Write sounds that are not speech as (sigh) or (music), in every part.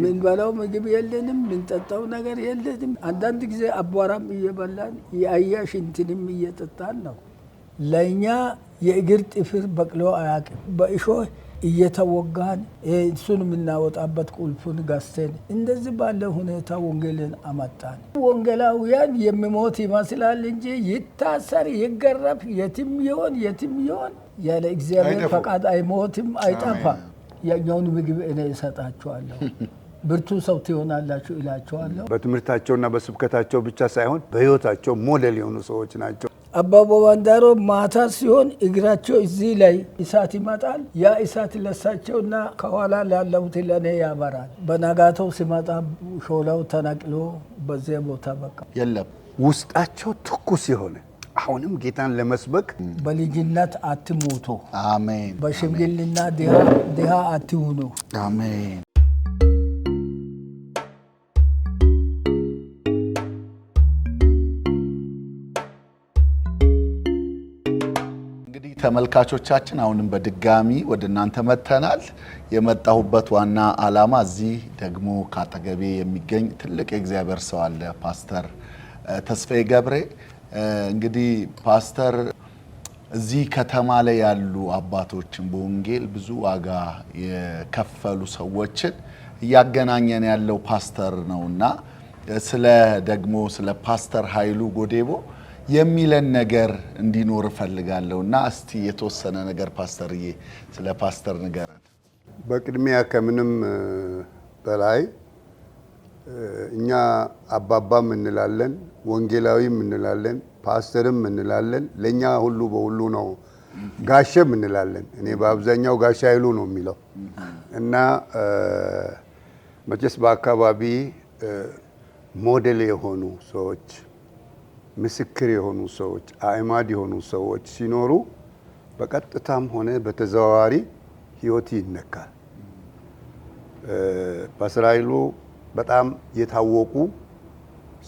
ምንበላው ምግብ የለንም፣ ምንጠጣው ነገር የለንም። አንዳንድ ጊዜ አቧራም እየበላን የአያ ሽንትንም እየጠጣን ነው። ለእኛ የእግር ጥፍር በቅሎ አያውቅም። በእሾህ እየተወጋን እሱን የምናወጣበት ቁልፉን ገዝተን እንደዚህ ባለ ሁኔታ ወንጌልን አመጣን። ወንጌላውያን የሚሞት ይመስላል እንጂ ይታሰር፣ ይገረፍ፣ የትም ይሆን የትም ይሆን ያለ እግዚአብሔር ፈቃድ አይሞትም፣ አይጠፋም። ያኛውን ምግብ እኔ እሰጣችኋለሁ። (laughs) ብርቱ ሰው ትሆናላችሁ ይላቸዋለሁ። በትምህርታቸውና በስብከታቸው ብቻ ሳይሆን በህይወታቸው ሞዴል የሆኑ ሰዎች ናቸው። አባቦ ቧንዳሮ ማታ ሲሆን እግራቸው እዚህ ላይ እሳት ይመጣል። ያ እሳት ለሳቸውና ከኋላ ላለሁት ለእኔ ያበራል። በነጋተው ሲመጣ ሾለው ተነቅሎ በዚያ ቦታ በቃ የለም። ውስጣቸው ትኩስ የሆነ አሁንም ጌታን ለመስበክ በልጅነት አትሞቶ፣ አሜን። በሽምግልና ድሃ አትሁኑ፣ አሜን። ተመልካቾቻችን አሁንም በድጋሚ ወደ እናንተ መጥተናል። የመጣሁበት ዋና ዓላማ እዚህ ደግሞ ከአጠገቤ የሚገኝ ትልቅ የእግዚአብሔር ሰው አለ፣ ፓስተር ተስፋዬ ገብሬ። እንግዲህ ፓስተር እዚህ ከተማ ላይ ያሉ አባቶችን በወንጌል ብዙ ዋጋ የከፈሉ ሰዎችን እያገናኘን ያለው ፓስተር ነውና ስለ ደግሞ ስለ ፓስተር ኃይሉ ጎዴቦ የሚለን ነገር እንዲኖር እፈልጋለሁ እና እስቲ የተወሰነ ነገር ፓስተርዬ ስለ ፓስተር ንገረን። በቅድሚያ ከምንም በላይ እኛ አባባም እንላለን፣ ወንጌላዊም እንላለን፣ ፓስተርም እንላለን። ለእኛ ሁሉ በሁሉ ነው። ጋሼም እንላለን። እኔ በአብዛኛው ጋሻ ኃይሉ ነው የሚለው እና መቼስ በአካባቢ ሞዴል የሆኑ ሰዎች ምስክር የሆኑ ሰዎች አእማድ የሆኑ ሰዎች ሲኖሩ በቀጥታም ሆነ በተዘዋዋሪ ህይወት ይነካል። ፓስተር ኃይሉ በጣም የታወቁ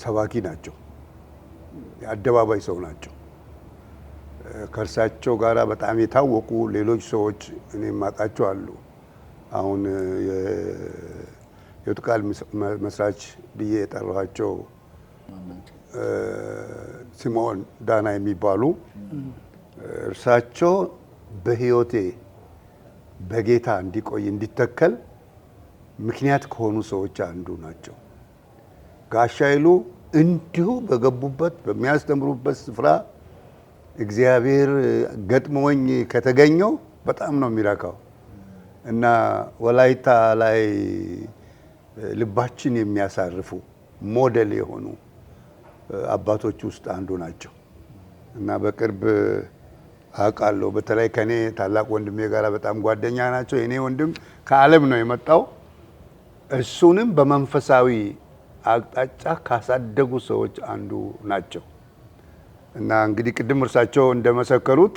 ሰባኪ ናቸው። የአደባባይ ሰው ናቸው። ከእርሳቸው ጋር በጣም የታወቁ ሌሎች ሰዎች እኔ ማቃቸው አሉ። አሁን የሕይወት ቃል መስራች ብዬ የጠራኋቸው ሲሞን ዳና የሚባሉ እርሳቸው በህይወቴ በጌታ እንዲቆይ እንዲተከል ምክንያት ከሆኑ ሰዎች አንዱ ናቸው። ጋሻ ይሉ እንዲሁ በገቡበት በሚያስተምሩበት ስፍራ እግዚአብሔር ገጥሞኝ ከተገኘው በጣም ነው የሚረካው እና ወላይታ ላይ ልባችን የሚያሳርፉ ሞዴል የሆኑ አባቶች ውስጥ አንዱ ናቸው እና በቅርብ አውቃለሁ። በተለይ ከኔ ታላቅ ወንድሜ ጋር በጣም ጓደኛ ናቸው። የኔ ወንድም ከዓለም ነው የመጣው። እሱንም በመንፈሳዊ አቅጣጫ ካሳደጉ ሰዎች አንዱ ናቸው እና እንግዲህ ቅድም እርሳቸው እንደመሰከሩት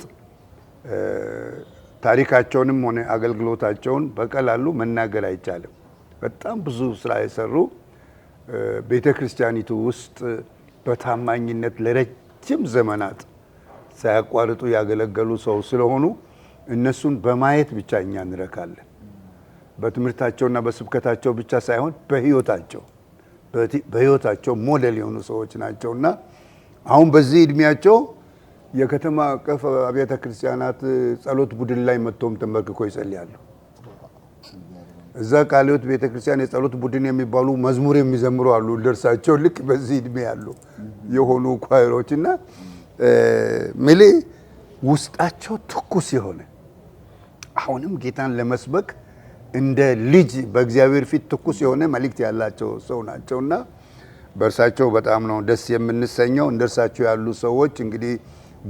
ታሪካቸውንም ሆነ አገልግሎታቸውን በቀላሉ መናገር አይቻልም። በጣም ብዙ ስራ የሰሩ ቤተ ክርስቲያኒቱ ውስጥ በታማኝነት ለረጅም ዘመናት ሳያቋርጡ ያገለገሉ ሰው ስለሆኑ እነሱን በማየት ብቻ እኛ እንረካለን። በትምህርታቸውና በስብከታቸው ብቻ ሳይሆን በህይወታቸው በህይወታቸው ሞዴል የሆኑ ሰዎች ናቸው እና አሁን በዚህ እድሜያቸው የከተማ አቀፍ አብያተ ክርስቲያናት ጸሎት ቡድን ላይ መጥቶም ተንበርክኮ ይጸልያሉ። እዛ ቃለ ሕይወት ቤተክርስቲያን የጸሎት ቡድን የሚባሉ መዝሙር የሚዘምሩ አሉ። ደርሳቸው ልክ በዚህ እድሜ ያሉ የሆኑ ኳይሮች እና ምሌ ውስጣቸው ትኩስ የሆነ አሁንም ጌታን ለመስበክ እንደ ልጅ በእግዚአብሔር ፊት ትኩስ የሆነ መልእክት ያላቸው ሰው ናቸው እና በእርሳቸው በጣም ነው ደስ የምንሰኘው። እንደ እርሳቸው ያሉ ሰዎች እንግዲህ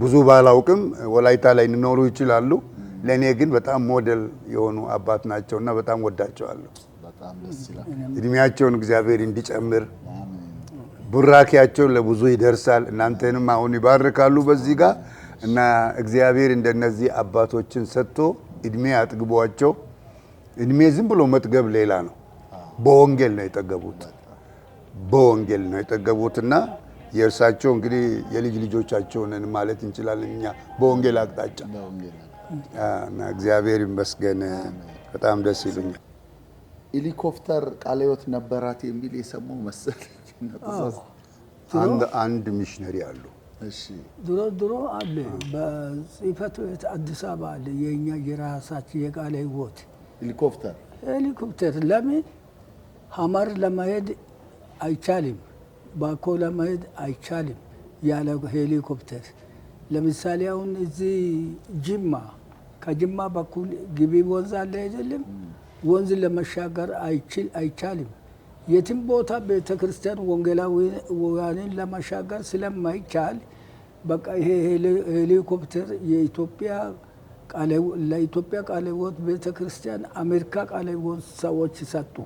ብዙ ባላውቅም ወላይታ ላይ ሊኖሩ ይችላሉ። ለእኔ ግን በጣም ሞዴል የሆኑ አባት ናቸውና በጣም ወዳቸዋለሁ። እድሜያቸውን እግዚአብሔር እንዲጨምር ቡራኪያቸው ለብዙ ይደርሳል። እናንተንም አሁን ይባርካሉ በዚህ ጋር እና እግዚአብሔር እንደነዚህ አባቶችን ሰጥቶ እድሜ አጥግቧቸው። እድሜ ዝም ብሎ መጥገብ ሌላ ነው። በወንጌል ነው የጠገቡት፣ በወንጌል ነው የጠገቡት እና የእርሳቸው እንግዲህ የልጅ ልጆቻቸውን ማለት እንችላለን እኛ በወንጌል አቅጣጫ እግዚአብሔር ይመስገን በጣም ደስ ይሉኛል። ሄሊኮፕተር ቃለ ነበራት የሚል የሰማው መሰለኝ። አንድ ሚሽነሪ አሉ ድሮ ድሮ አለ በጽህፈት ቤት አዲስ አበባ አለ የእኛ የራሳችን የቃለ ሕይወት ሄሊኮፕተር ሄሊኮፕተር ለምን ሀመር ለመሄድ አይቻልም፣ ባኮ ለመሄድ አይቻልም ያለ ሄሊኮፕተር። ለምሳሌ አሁን እዚህ ጅማ ከጅማ በኩል ግቢ ወንዝ አለ አይደለም? ወንዝ ለመሻገር አይችል አይቻልም። የትም ቦታ ቤተ ክርስቲያን ወንጌላውያንን ለመሻገር ስለማይቻል በቃ ይሄ ሄሊኮፕተር የኢትዮጵያ ለኢትዮጵያ ቃለ ሕይወት ቤተ ክርስቲያን አሜሪካ ቃለ ሕይወት ሰዎች ሰጡ።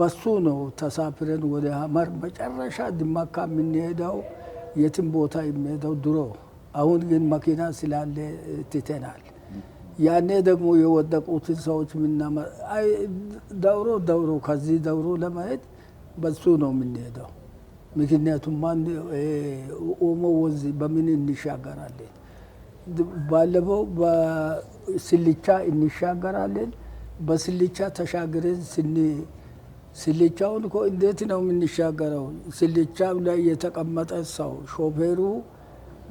በሱ ነው ተሳፍረን ወደ ሀመር መጨረሻ ድማካ የምንሄደው የትም ቦታ የሚሄደው ድሮ። አሁን ግን መኪና ስላለ ትተናል። ያኔ ደግሞ የወደቁትን ሰዎች ምናመ ደውሮ ደውሮ ከዚህ ደውሮ ለማየት በሱ ነው የምንሄደው። ምክንያቱም ማን ኦሞ ወንዝ በምን እንሻገራለን? ባለፈው በስልቻ እንሻገራለን። በስልቻ ተሻግረን ስን ስልቻውን እኮ እንዴት ነው የምንሻገረው? ስልቻ ላይ የተቀመጠ ሰው ሾፌሩ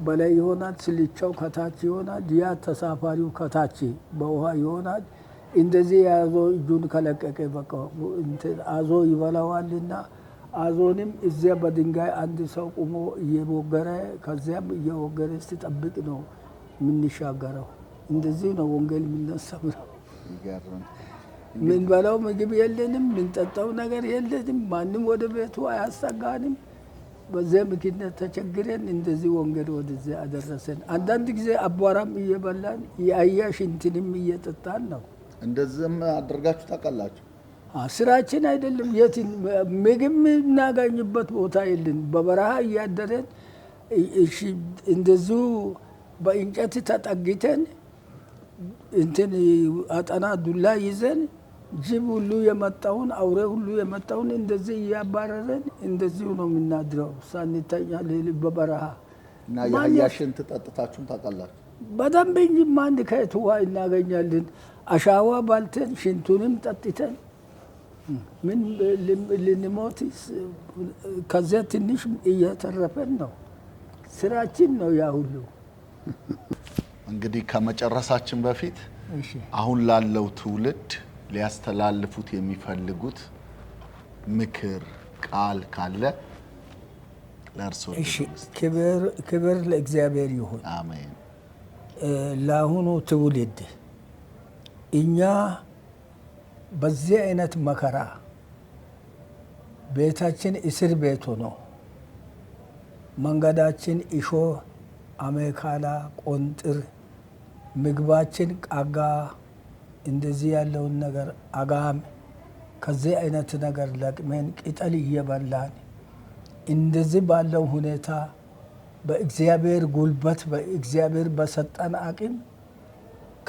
በላይ ይሆናል፣ ስልቻው ከታች ይሆናል፣ ያ ተሳፋሪው ከታች በውሃ ይሆናል። እንደዚህ የያዞ እጁን ከለቀቀ በቃ አዞ ይበላዋልና አዞንም እዚያ በድንጋይ አንድ ሰው ቁሞ እየወገረ ከዚያም እየወገረ ስትጠብቅ ነው የምንሻገረው። እንደዚህ ነው ወንጌል የምናስተምረው። ምንበላው ምግብ የለንም፣ ምንጠጣው ነገር የለንም። ማንም ወደ ቤቱ አያሰጋንም በዚያ ምክንያት ተቸግረን እንደዚህ ወንገድ ወደዚያ አደረሰን። አንዳንድ ጊዜ አቧራም እየበላን የአያሽ እንትንም እየጠጣን ነው። እንደዚህም አደርጋችሁ ታውቃላችሁ? ስራችን አይደለም። የት ምግብ የምናገኝበት ቦታ የለን። በበረሃ እያደረን እንደዚሁ በእንጨት ተጠግተን እንትን አጠና ዱላ ይዘን ጅብ ሁሉ የመጣውን አውሬ ሁሉ የመጣውን እንደዚህ እያባረረን እንደዚሁ ነው የምናድረው ሳንተኛ ሌሊት በበረሃ እና የአህያ ሽንት ታውቃላችሁ? በደንብ እንጂ ማን ከየት ውሃ እናገኛለን? አሻዋ ባልተን ሽንቱንም ጠጥተን ምን ልንሞት ከዚያ ትንሽ እየተረፈን ነው። ስራችን ነው ያ ሁሉ። እንግዲህ ከመጨረሳችን በፊት አሁን ላለው ትውልድ ሊያስተላልፉት የሚፈልጉት ምክር ቃል ካለ ለእርሶ። ክብር ለእግዚአብሔር ይሁን። አሜን። ለአሁኑ ትውልድ እኛ በዚህ አይነት መከራ ቤታችን እስር ቤቱ ነው። መንገዳችን እሾ፣ አሜካላ፣ ቆንጥር፣ ምግባችን ቃጋ እንደዚህ ያለውን ነገር አጋም ከዚህ አይነት ነገር ለቅመን ቅጠል እየበላን እንደዚህ ባለው ሁኔታ በእግዚአብሔር ጉልበት በእግዚአብሔር በሰጠን አቅም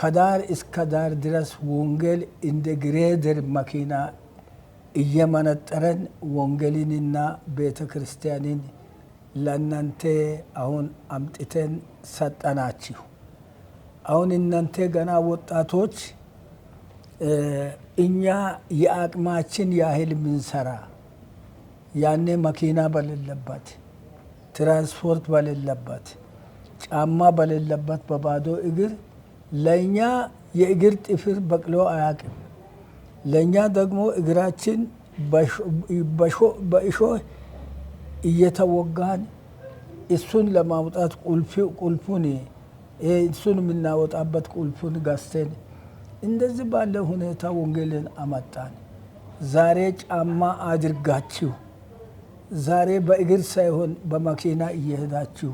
ከዳር እስከ ዳር ድረስ ወንጌል እንደ ግሬደር መኪና እየመነጠረን ወንጌልንና ቤተ ክርስቲያንን ለእናንተ አሁን አምጥተን ሰጠናችሁ። አሁን እናንተ ገና ወጣቶች እኛ የአቅማችን ያህል ምንሰራ ያኔ መኪና በሌለበት ትራንስፖርት በሌለበት ጫማ በሌለበት በባዶ እግር ለእኛ የእግር ጥፍር በቅሎ አያቅም። ለእኛ ደግሞ እግራችን በእሾህ እየተወጋን እሱን ለማውጣት ቁልፉን እሱን የምናወጣበት ቁልፉን ገዝተን እንደዚህ ባለ ሁኔታ ወንጌልን አመጣን። ዛሬ ጫማ አድርጋችሁ ዛሬ በእግር ሳይሆን በመኪና እየሄዳችሁ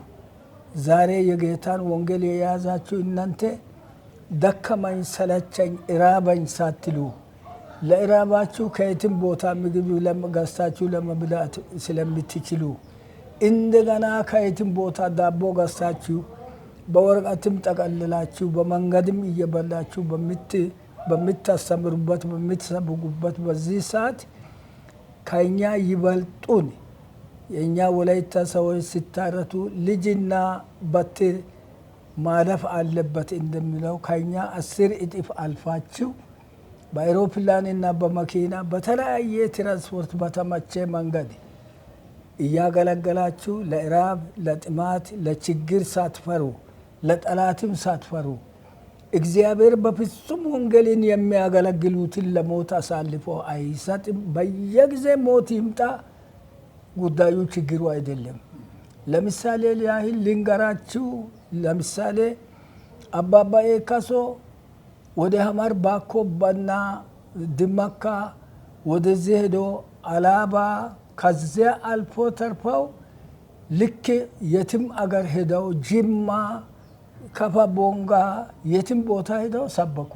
ዛሬ የጌታን ወንጌል የያዛችሁ እናንተ ደከመኝ፣ ሰለቸኝ፣ እራበኝ ሳትሉ ለእራባችሁ ከየትም ቦታ ምግብ ገዝታችሁ ለመብላት ስለምትችሉ እንደገና ከየትም ቦታ ዳቦ ገዝታችሁ በወረቀትም ጠቀልላችሁ በመንገድም እየበላችሁ በምታስተምሩበት በምትሰብጉበት በዚህ ሰዓት ከእኛ ይበልጡን የእኛ ወላይታ ሰዎች ሲታረቱ ልጅና በትር ማለፍ አለበት እንደሚለው ከኛ አስር እጥፍ አልፋችሁ በአይሮፕላንና በመኪና በተለያየ ትራንስፖርት በተመቼ መንገድ እያገለገላችሁ ለእራብ፣ ለጥማት፣ ለችግር ሳትፈሩ ለጠላትም ሳትፈሩ እግዚአብሔር በፍጹም ወንጌልን የሚያገለግሉትን ለሞት አሳልፎ አይሰጥም። በየጊዜ ሞት ይምጣ፣ ጉዳዩ ችግሩ አይደለም። ለምሳሌ ያህል ልንገራችሁ። ለምሳሌ አባባ ኤካሶ ወደ ሀማር ባኮባና ድመካ ወደዚህ ሄዶ አላባ ከዚያ አልፎ ተርፈው ልክ የትም አገር ሄደው ጅማ ከፋ ቦንጋ፣ የትም ቦታ ሄደው ሰበኩ።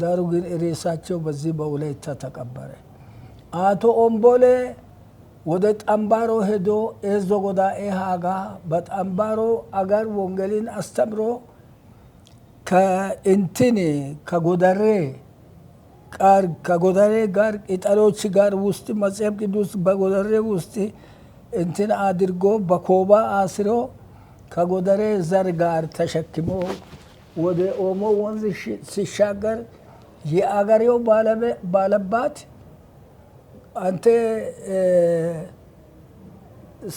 ዳሩ ግን ሬሳቸው በዚህ በወላይታ ተቀበረ። አቶ ኦምቦሌ ወደ ጠምባሮ ሄዶ ኤዞ ጎዳኤ ሀጋ በጠምባሮ አገር ወንጌልን አስተምሮ ከእንትን ከጎደሬ ቃር ከጎደሬ ጋር ቅጠሎች ጋር ውስጥ መጽሐፍ ቅዱስ በጎደሬ ውስጥ እንትን አድርጎ በኮባ አስሮ ከጎደሬ ዘር ጋር ተሸክሞ ወደ ኦሞ ወንዝ ሲሻገር የአገሬው ባለባት አንተ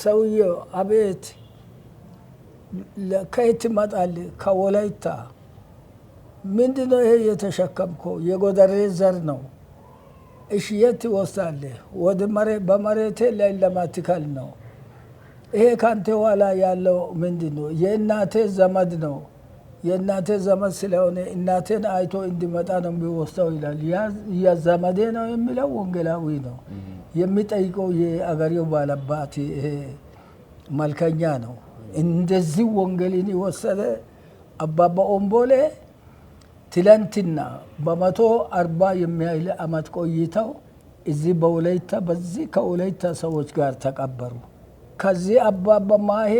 ሰውዬው አቤት ከየት ይመጣል? ከወላይታ ምንድነው ይሄ የተሸከምኮ? የጎደሬ ዘር ነው። እሽየት የት ይወስዳል? ወደ በመሬቴ ላይ ለማትካል ነው። ይሄ ካንተ ኋላ ያለው ምንድን ነው? የእናቴ ዘመድ ነው። የእናቴ ዘመድ ስለሆነ እናቴን አይቶ እንዲመጣ ነው የሚወስደው ይላል። ያዘመዴ ነው የሚለው ወንጌላዊ ነው። የሚጠይቀው የአገሬው ባለባት መልከኛ ነው። እንደዚህ ወንጌልን የወሰደ አባባ ኦምቦሌ ትለንትና በመቶ አርባ የሚያህል አመት ቆይተው እዚህ በወላይታ በዚህ ከወላይታ ሰዎች ጋር ተቀበሩ። ከዚህ አባባ ማሄ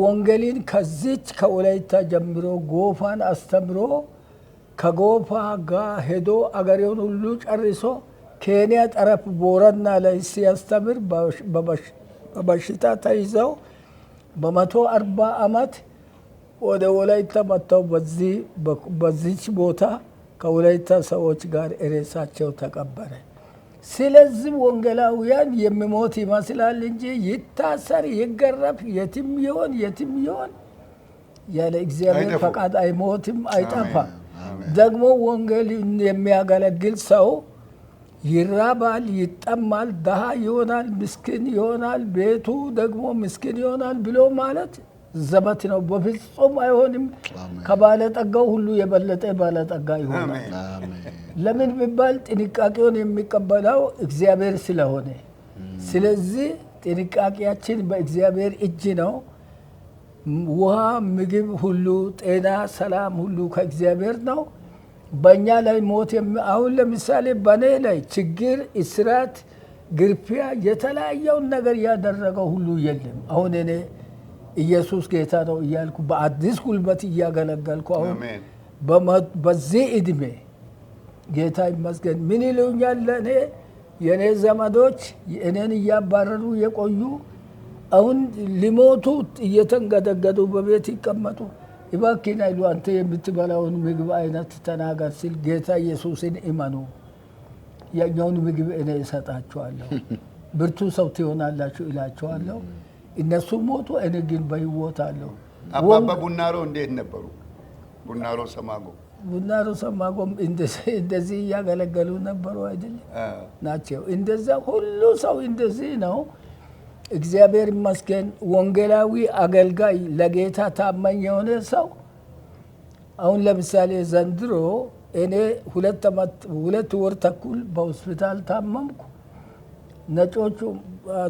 ወንጌልን ከዚች ከወላይታ ጀምሮ ጎፋን አስተምሮ ከጎፋ ጋር ሄዶ አገሬውን ሁሉ ጨርሶ ኬንያ ጠረፍ ቦረና ላይ ሲያስተምር በበሽታ ተይዘው በመቶ አርባ ዓመት ወደ ወላይታ መጥተው በዚች ቦታ ከወላይታ ሰዎች ጋር ሬሳቸው ተቀበረ። ስለዚህ ወንጌላውያን የሚሞት ይመስላል እንጂ ይታሰር፣ ይገረፍ፣ የትም ይሆን የትም ይሆን ያለ እግዚአብሔር ፈቃድ አይሞትም፣ አይጠፋም። ደግሞ ወንጌል የሚያገለግል ሰው ይራባል፣ ይጠማል፣ ደሃ ይሆናል፣ ምስኪን ይሆናል፣ ቤቱ ደግሞ ምስኪን ይሆናል ብሎ ማለት ዘበት ነው። በፍጹም አይሆንም። ከባለጠጋው ሁሉ የበለጠ ባለጠጋ ይሆናል። ለምን ቢባል ጥንቃቄውን የሚቀበለው እግዚአብሔር ስለሆነ፣ ስለዚህ ጥንቃቄያችን በእግዚአብሔር እጅ ነው። ውሃ፣ ምግብ ሁሉ፣ ጤና፣ ሰላም ሁሉ ከእግዚአብሔር ነው። በእኛ ላይ ሞት አሁን ለምሳሌ በእኔ ላይ ችግር፣ እስራት፣ ግርፊያ የተለያየውን ነገር ያደረገው ሁሉ የለም። አሁን እኔ ኢየሱስ ጌታ ነው እያልኩ በአዲስ ጉልበት እያገለገልኩ አሁን በዚህ እድሜ ጌታ ይመስገን። ምን ይሉኛል ለእኔ የእኔ ዘመዶች እኔን እያባረሩ የቆዩ አሁን ሊሞቱ እየተንገደገዱ በቤት ይቀመጡ እባክህን አይሉ አንተ የምትበላውን ምግብ አይነት ተናገር ሲል ጌታ ኢየሱስን እመኑ፣ ያኛውን ምግብ እኔ እሰጣችኋለሁ፣ (laughs) ብርቱ ሰው ትሆናላችሁ እላችኋለሁ። እነሱ ሞቱ፣ እኔ ግን በሕይወት አለሁ። አባባ ቡናሮ እንዴት ነበሩ? ቡናሮ ሰማጎ ቡናሩ ሰማጎም (laughs) እንደዚህ እያገለገሉ ነበሩ አይደል? ናቸው። እንደዛ ሁሉ ሰው እንደዚህ ነው። እግዚአብሔር ይመስገን። ወንጌላዊ አገልጋይ፣ ለጌታ ታማኝ የሆነ ሰው አሁን ለምሳሌ ዘንድሮ እኔ ሁለት ወር ተኩል በሆስፒታል ታመምኩ። ነጮቹ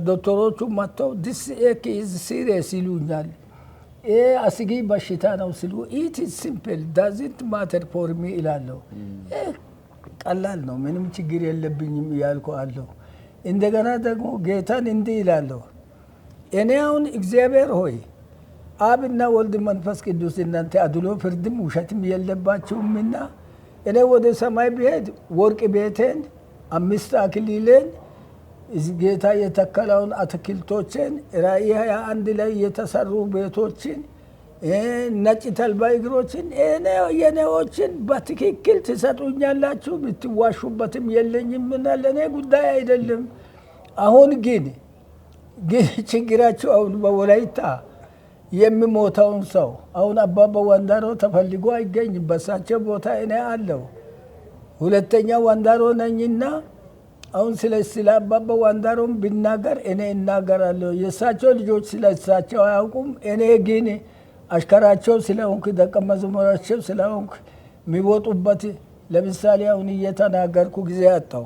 ዶክተሮቹ መጥተው ዲስኤክ ኢዝ ሲሪየስ ይሉኛል። አስጊ በሽታ ነው ስሉ ኢት ሲምፕል ዳዝንት ማተር ፎር ሚ ይላለሁ። ቀላል ነው፣ ምንም ችግር የለብኝም እያልኩ አለሁ። እንደገና ደግሞ ጌታን እንዲህ ይላለሁ፣ እኔ አሁን እግዚአብሔር ሆይ አብና ወልድ መንፈስ ቅዱስ እናንተ አድሎ ፍርድም ውሸትም የለባችሁምና እኔ ወደ ሰማይ ብሄድ ወርቅ ቤቴን አምስት አክሊሌን ጌታ የተከለውን አትክልቶችን ራእይ አንድ ላይ የተሰሩ ቤቶችን ነጭ ተልባ እግሮችን የኔዎችን በትክክል ትሰጡኛላችሁ፣ ብትዋሹበትም የለኝም እና ለእኔ ጉዳይ አይደለም። አሁን ግን ግን ችግራችሁ አሁን በወላይታ የሚሞተውን ሰው አሁን አባባ ወንዳሮ ተፈልጎ አይገኝም። በሳቸው ቦታ እኔ አለው ሁለተኛ ወንዳሮ ነኝና አሁን ስለ ስለ አባባ ዋንዳሮም ብናገር እኔ እናገራለሁ። የእሳቸው ልጆች ስለ እሳቸው አያውቁም። እኔ ግን አሽከራቸው ስለሆንኩ ደቀ መዝሙራቸው ስለሆንኩ የሚወጡበት ለምሳሌ አሁን እየተናገርኩ ጊዜ አጣሁ።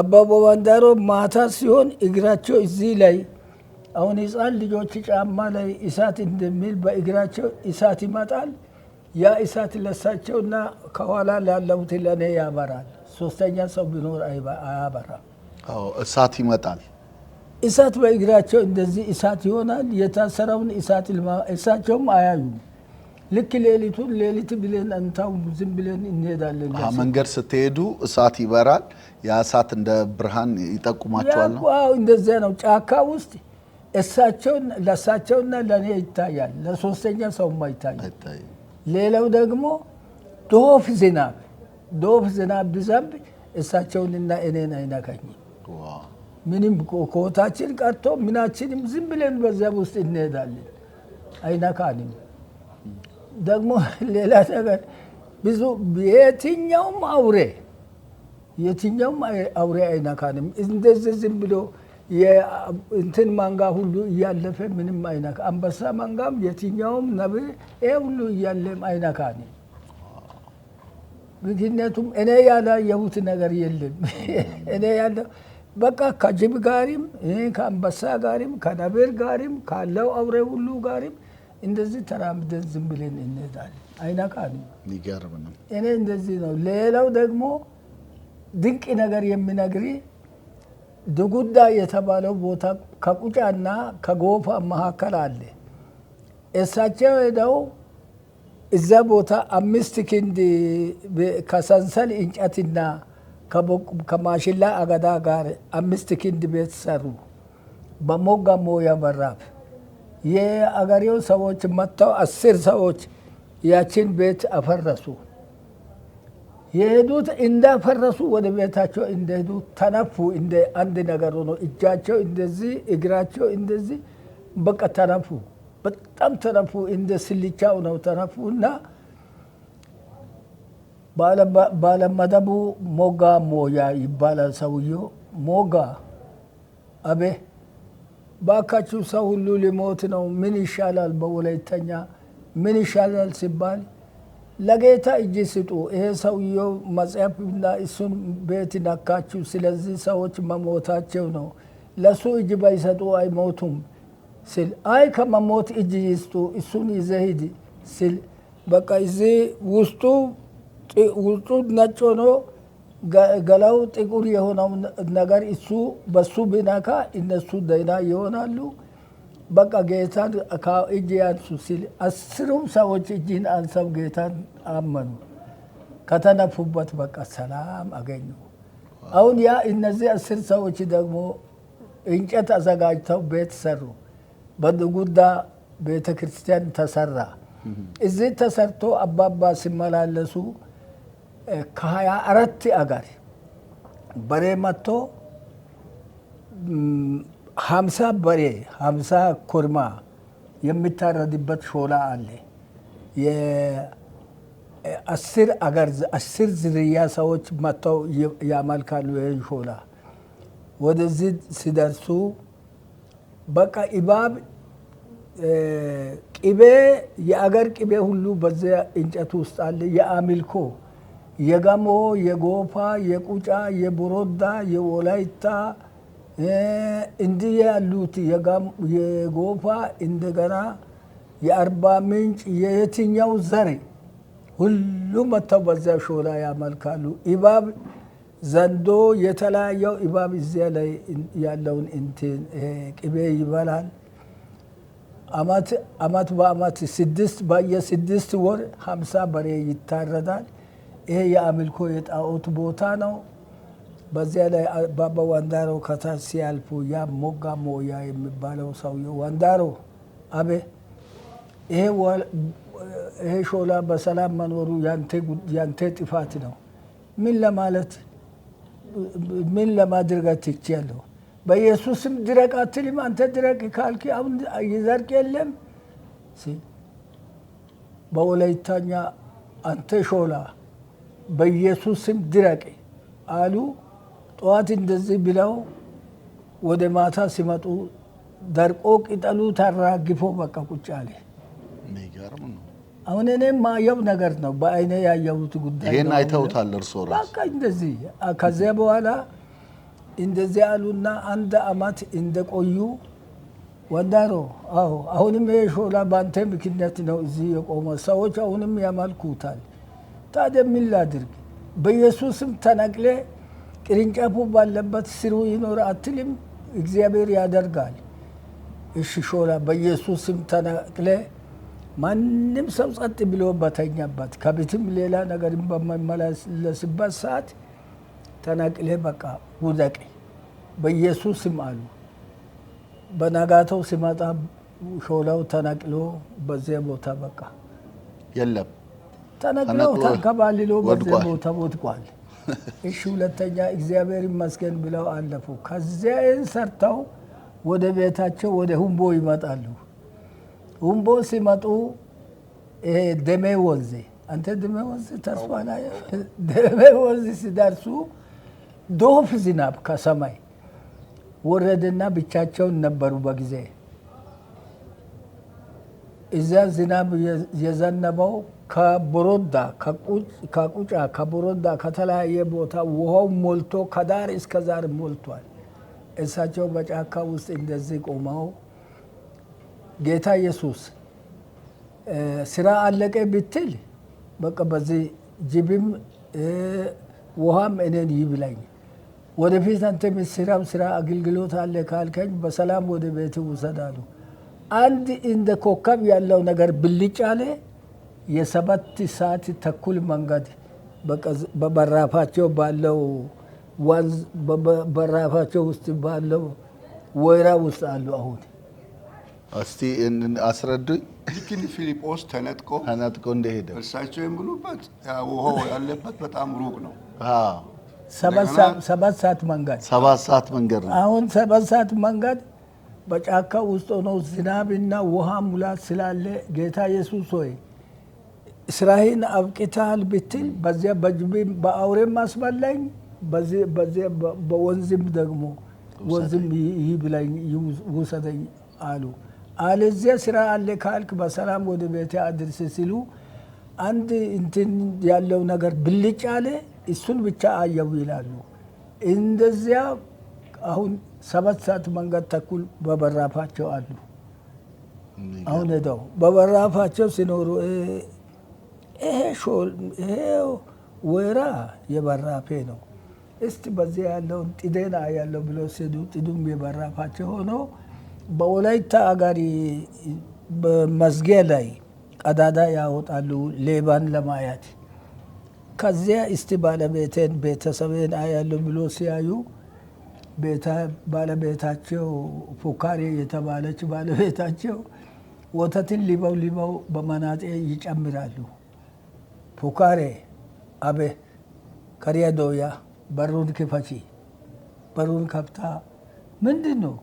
አባባ ዋንዳሮ ማታ ሲሆን እግራቸው እዚህ ላይ አሁን ህፃን ልጆች ጫማ ላይ እሳት እንደሚል በእግራቸው እሳት ይመጣል። ያ እሳት ለሳቸውና ከኋላ ላለሁት ለእኔ ያበራል። ሶስተኛ ሰው ቢኖር አያበራም። እሳት ይመጣል። እሳት በእግራቸው እንደዚህ እሳት ይሆናል። የታሰረውን እሳት እሳቸውም አያዩም። ልክ ሌሊቱን ሌሊት ብለን እንታው ዝም ብለን እንሄዳለን። መንገድ ስትሄዱ እሳት ይበራል። ያ እሳት እንደ ብርሃን ይጠቁማቸዋል። ነው እንደዚያ ነው። ጫካ ውስጥ እሳቸውን ለእሳቸውና ለእኔ ይታያል፣ ለሶስተኛ ሰውማ ይታያል። ሌላው ደግሞ ዶፍ ዝናብ ዶፍ ዝናብ ብዛብ እሳቸውንና እኔን አይናካኝም። ምንም ኮታችን ቀርቶ ምናችንም ዝም ብለን በዚያ ውስጥ እንሄዳለን። አይነካንም። ደግሞ (laughs) ሌላ ነገር ብዙ የትኛውም አውሬ የትኛውም አውሬ አይነካንም። እንደዚህ ዝም ብሎ እንትን ማንጋ ሁሉ እያለፈ ምንም አይናካ አንበሳ ማንጋም የትኛውም ነብር ሁሉ እያለም አይነካንም። ምክንያቱም እኔ ያላየሁት ነገር የለም። (laughs) እኔ ያለ በቃ ከጅብ ጋሪም ከአንበሳ ጋሪም ከነብር ጋሪም ካለው አውሬ ሁሉ ጋሪም እንደዚህ ተራምደን ዝም ብለን እንሄዳለን። አይነካንም። ይገርም ነው። እኔ እንደዚህ ነው። ሌላው ደግሞ ድንቅ ነገር የሚነግሪ ድጉዳ የተባለው ቦታ ከቁጫና ከጎፋ መካከል አለ። እሳቸው ሄደው እዛ ቦታ አምስት ክንድ ከሰንሰል እንጨትና ከማሽላ አገዳ ጋር አምስት ክንድ ቤት ሰሩ። በሞጋ ሞያ በራፍ የአገሬው ሰዎች መጥተው አስር ሰዎች ያችን ቤት አፈረሱ። የሄዱት እንዳፈረሱ ወደ ቤታቸው እንደሄዱ ተነፉ። እንደ አንድ ነገር ሆኖ እጃቸው እንደዚህ፣ እግራቸው እንደዚህ በቃ ተነፉ። በጣም ተረፉ እንደ ስልቻው ነው ተረፉ እና ባለመደቡ ሞጋ ሞያ ይባላል ሰውዮ ሞጋ አቤ ባካችሁ ሰው ሁሉ ሊሞት ነው። ምን ይሻላል? በወላይተኛ ምን ይሻላል ሲባል ለጌታ እጅ ስጡ። ይሄ መጽሐፍ መጽሐፍና እሱን ቤት ነካችሁ። ስለዚህ ሰዎች መሞታቸው ነው። ለሱ እጅ ባይሰጡ አይሞቱም። ስል አይ ከመሞት እጅ ይስጡ እሱን ይዘህ ሂድ ስል በቃ እዚ ውስጡ ውስጡ ነጭ ሆኖ ገላው ጥቁር የሆነው ነገር እሱ በሱ ቢነካ እነሱ ደህና ይሆናሉ። በቃ ጌታን እጅ ያንሱ ሲል አስሩም ሰዎች እጅን አንሰው ጌታን አመኑ። ከተነፉበት በቃ ሰላም አገኙ። አሁን ያ እነዚህ አስር ሰዎች ደግሞ እንጨት አዘጋጅተው ቤት ሰሩ። በድጉዳ ቤተ ክርስቲያን ተሰራ። እዚህ ተሰርቶ አባባ ሲመላለሱ ከሀያ አራት አገር በሬ መጥቶ ሀምሳ በሬ ሀምሳ ኮርማ የሚታረድበት ሾላ አለ። የአስር አገር አስር ዝርያ ሰዎች መጥተው ያመልካሉ። ይህ ሾላ ወደዚህ ሲደርሱ በቃ ኢባብ ቅቤ የአገር ቅቤ ሁሉ በዚያ እንጨት ውስጥ አለ። የአሚልኮ የጋሞ፣ የጎፋ፣ የቁጫ፣ የቦሮዳ፣ የወላይታ እንዲህ ያሉት የጎፋ እንደገና የአርባ ምንጭ የየትኛው ዘሬ ሁሉ መጥተው በዚያ ሾላ ያመልካሉ ኢባብ ዘንዶ የተለያየው እባብ እዚያ ላይ ያለውን እንትን ቅቤ ይበላል። አመት በአመት ስድስት በየስድስት ወር ሀምሳ በሬ ይታረዳል። ይሄ የአምልኮ የጣዖት ቦታ ነው። በዚያ ላይ ባባ ዋንዳሮ ከታች ሲያልፉ ያ ሞጋ ሞያ የሚባለው ሰውዬ ዋንዳሮ አቤ ይሄ ሾላ በሰላም መኖሩ ያንተ ጥፋት ነው ምን ለማለት ምን ለማድረጋት ትችያለሁ? በኢየሱስም ድረቅ አትልም። አንተ ድረቅ ካልክ አሁን ይዘርቅ የለም። በወላይታኛ አንተ ሾላ በኢየሱስም ድረቅ አሉ። ጠዋት እንደዚህ ብለው ወደ ማታ ሲመጡ ደርቆ ቅጠሉ ተራግፎ በቃ ቁጭ አለ። አሁን እኔም ማየው ነገር ነው፣ በአይኔ ያየሁት ጉዳይ። ይሄን አይተውታል እርስዎ ራስ? በቃ እንደዚህ ከዚያ በኋላ እንደዚህ አሉና አንድ አመት እንደቆዩ ወዳሮ አዎ፣ አሁንም ይሄ ሾላ በአንተ ምክንያት ነው እዚህ የቆመ ሰዎች አሁንም ያመልኩታል። ታዲያ ምን ላድርግ? በኢየሱስም ተነቅሌ ቅርንጫፉ ባለበት ስሩ ይኖር አትልም? እግዚአብሔር ያደርጋል። እሺ ሾላ በኢየሱስም ተነቅሌ ማንም ሰው ጸጥ ብሎ በተኛበት ከቤትም ሌላ ነገር በማይመላለስበት ሰዓት ተነቅሌ በቃ ውደቅ በኢየሱስ ስም አሉ። በነጋተው ሲመጣ ሾላው ተነቅሎ በዚያ ቦታ በቃ የለም ተነቅለው ተንከባልሎ በዚያ ቦታ ወድቋል። (laughs) እሺ ሁለተኛ እግዚአብሔር ይመስገን ብለው አለፉ። ከዚያ ሰርተው ወደ ቤታቸው ወደ ሁምቦ ይመጣሉ። ሁምቦ ሲመጡ ደሜ ወንዝ አንተ ደሜ ወንዝ ተስፋና ደሜ ወንዝ ሲደርሱ ዶፍ ዝናብ ከሰማይ ወረደና ብቻቸውን ነበሩ። በጊዜ እዚያ ዝናብ የዘነበው ከቦሮዳ ከቁጫ ከቦሮዳ ከተለያየ ቦታ ውሃው ሞልቶ ከዳር እስከ ዛር ሞልቷል። እሳቸው በጫካ ውስጥ እንደዚህ ቆመው ጌታ ኢየሱስ ስራ አለቀ ብትል በቃ በዚህ ጅብም ውሃም እኔን ይብላኝ ወደፊት አንተ ስራም ስራ አገልግሎት አለ ካልከኝ በሰላም ወደ ቤት ውሰዳሉ። አንድ እንደ ኮከብ ያለው ነገር ብልጭ አለ። የሰባት ሰዓት ተኩል መንገድ በበራፋቸው ባለው ወንዝ በበራፋቸው ውስጥ ባለው ወይራ ውስጥ አሉ አሁን እስቲ አስረዱኝ። ልክን ፊልጶስ ተነጥቆ ተነጥቆ እንደሄደ እርሳቸው የምሉበት ውሃው ያለበት በጣም ሩቅ ነው። ሰባት ሰዓት መንገድ ሰባት ሰዓት መንገድ ነው። አሁን ሰባት ሰዓት መንገድ በጫካ ውስጥ ሆኖ ዝናብና ውሃ ሙላት ስላለ ጌታ ኢየሱስ ሆይ ስራህን አብቅተሃል ብትል በዚያ በጅቢ በአውሬም አስበላኝ፣ በዚያ በወንዝም ደግሞ ወንዝም ይብላኝ ውሰደኝ አሉ። አለዚያ ስራ አለ ካልክ በሰላም ወደ ቤት አድርስ ሲሉ አንድ እንትን ያለው ነገር ብልጭ አለ። እሱን ብቻ አየው ይላሉ። እንደዚያ አሁን ሰባት ሰዓት መንገድ ተኩል በበራፋቸው አሉ። አሁን ሄደው በበራፋቸው ሲኖሩ ይሄ ይሄ ወይራ የበራፌ ነው። እስቲ በዚያ ያለውን ጥዴና ያለው ብሎ ሲሄዱ ጥዱም የበራፋቸው ሆነው በወላይታ አጋሪ መዝጊያ ላይ ቀዳዳ ያወጣሉ ሌባን ለማየት። ከዚያ እስቲ ባለቤቴን ቤተሰቤን አያለሁ ብሎ ሲያዩ ባለቤታቸው ፉካሬ የተባለች ባለቤታቸው ወተትን ሊበው ሊበው በመናጤ ይጨምራሉ። ፉካሬ አቤ ከሪያ ዶያ በሩን ክፈቺ። በሩን ከፍታ ምንድን ነው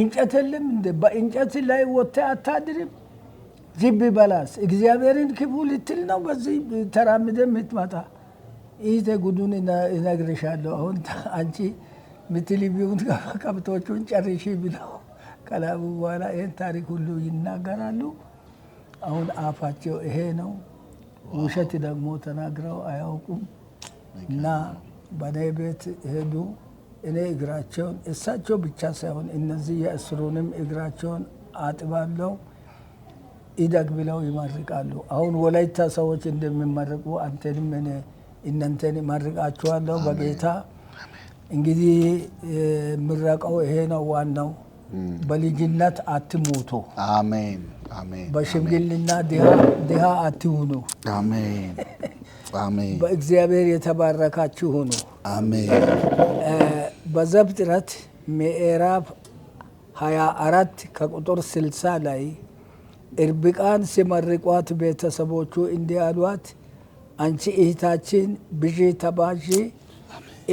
እንጨት የለም እንደ በእንጨት ላይ ወተ አታድርም። ዝም በላስ እግዚአብሔርን ክፉ ልትል ነው። በዚህ ተራምደ የምትመጣ ይህ ጉዱን እነግርሻለሁ። አሁን አንቺ ምትል ምትልቢውን ከብቶቹን ጨርሺ ብለው ከላቡ በኋላ ይህን ታሪክ ሁሉ ይናገራሉ። አሁን አፋቸው ይሄ ነው። ውሸት ደግሞ ተናግረው አያውቁም እና በኔ ቤት ሄዱ። እኔ እግራቸውን እሳቸው ብቻ ሳይሆን እነዚህ የእስሩንም እግራቸውን አጥባለው ኢደግ ብለው ይመርቃሉ። አሁን ወላይታ ሰዎች እንደሚመርቁ አንተንም እኔ እናንተን እመርቃችኋለሁ በጌታ እንግዲህ የምረቀው ይሄ ነው ዋናው። በልጅነት አትሞቱ። አሜን አሜን። በሽምግልና ድሃ አትሁኑ። አሜን አሜን። በእግዚአብሔር የተባረካችሁ ሁኑ። አሜን። በዘፍጥረት ምዕራፍ 24 ከቁጥር 60 ላይ እርብቃን ሲመርቋት ቤተሰቦቹ እንዲያሏት አሏት፣ አንቺ እህታችን ብዢ ተባዢ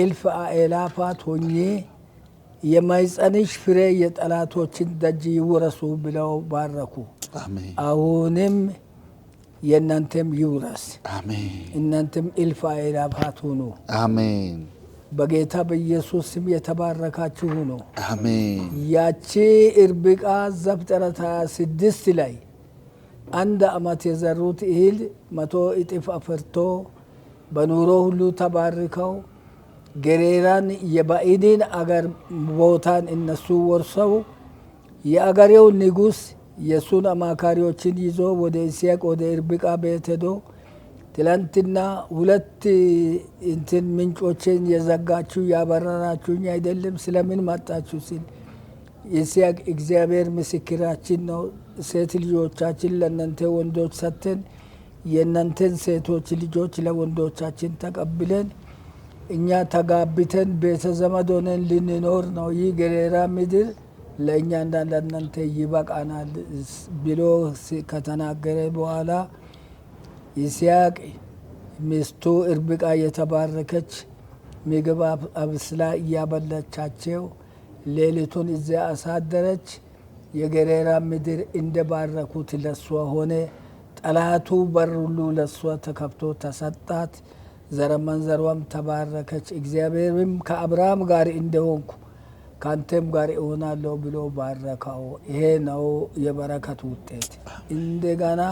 እልፍ አእላፋት ሆኜ የማይጸንሽ ፍሬ የጠላቶችን ደጅ ይውረሱ ብለው ባረኩ። አሁንም የእናንተም ይውረስ፣ እናንተም እልፍ አእላፋት ሁኑ። አሜን። በጌታ በኢየሱስ ስም የተባረካችሁ ነው። ያቺ እርብቃ ዘፍጥረት ስድስት ላይ አንድ አመት የዘሩት እህል መቶ እጥፍ አፍርቶ በኑሮ ሁሉ ተባርከው ገሬራን የባዕድን አገር ቦታን እነሱ ወርሰው የአገሬው ንጉሥ የእሱን አማካሪዎችን ይዞ ወደ ኢስያቅ ወደ እርብቃ ቤት ሄዶ ትላንትና ሁለት እንትን ምንጮችን የዘጋችሁ ያበረራችሁኝ አይደለም ስለምን መጣችሁ ሲል የሲያቅ እግዚአብሔር ምስክራችን ነው። ሴት ልጆቻችን ለእናንተ ወንዶች ሰጥተን የእናንተን ሴቶች ልጆች ለወንዶቻችን ተቀብለን እኛ ተጋብተን ቤተ ዘመድ ሆነን ልንኖር ነው። ይህ ገሬራ ምድር ለእኛ እንዳንዳናንተ ይበቃናል ብሎ ከተናገረ በኋላ ይስያቅ ሚስቱ እርብቃ የተባረከች ምግብ አብስላ እያበላቻቸው ሌሊቱን እዚያ አሳደረች። የገሬራ ምድር እንደ ባረኩት ለሷ ሆነ። ጠላቱ በር ሁሉ ለሷ ተከፍቶ ተሰጣት። ዘረመን ተባረከች። እግዚአብሔርም ከአብርሃም ጋር እንደሆንኩ ከአንተም ጋር እሆናለሁ ብሎ ባረከው። ይሄ ነው የበረከት ውጤት እንደገና